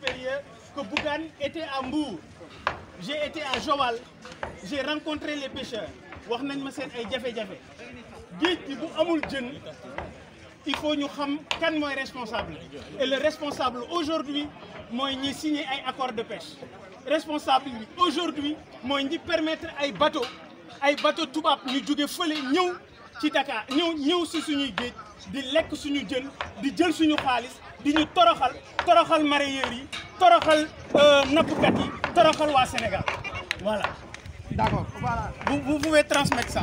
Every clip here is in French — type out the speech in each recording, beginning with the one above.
supérieur que Bougan était à Mbour. J'ai été à Joal, j'ai rencontré les pêcheurs. wax nañ ma que ay jafe-jafe géej bu amul il faut ñu xam kan est responsable et le responsable aujourd'hui c'est ñi signer ay accord de pêche responsable aujourd'hui c'est ñi permettre ay bateaux ay bateau tubaab ñu faire des ñëw ci Dakar ñëw ñëw si suñuy géej di lek suñu jën di jël suñu xaalis di ñu toroxal toroxal mareyeurs yi toroxal euh, nappkat yi toroxal wa Sénégal voilà. d'accord voilà vous vous pouvez transmettre ça.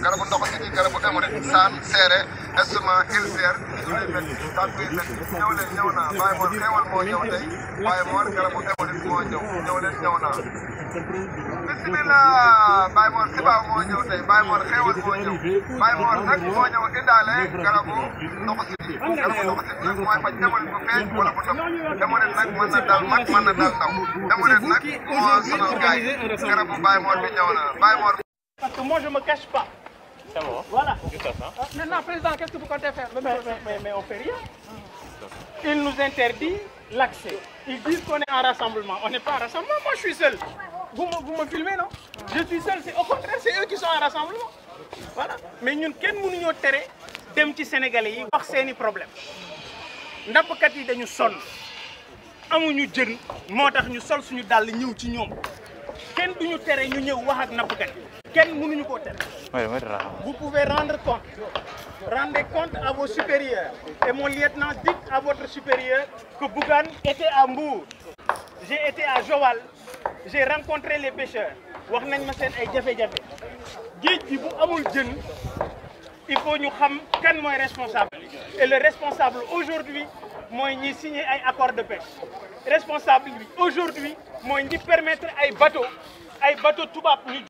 garabu ndox moi je me cache pas. Voilà. Euh, maintenant, président, qu'est-ce que vous comptez faire mais, mais, mais, on ne fait rien. Il nous interdit l'accès. Ils disent qu'on est en rassemblement. On n'est pas en rassemblement, moi je suis seul. Vous, vous me filmez, non Je suis seul. Au contraire, c'est eux qui sont en rassemblement. Voilà. Mais nous, quel nous nous terre dem ci sénégalais yi wax seeni problème Nous yi dañu sonn de nous moo tax ñu sol suñu dàll ñëw ci ñoom kenn duñu nous ñu ñëw wax ak vous pouvez rendre compte. Rendez compte à vos supérieurs. Et mon lieutenant, dit à votre supérieur que Bougan était à Mbour. J'ai été à Joal. J'ai rencontré les pêcheurs. il faut responsable et le responsable aujourd'hui moi ñi signé un accord de pêche responsable aujourd'hui aujourd'hui dit ñi permettre un bateau ay bateau tout bas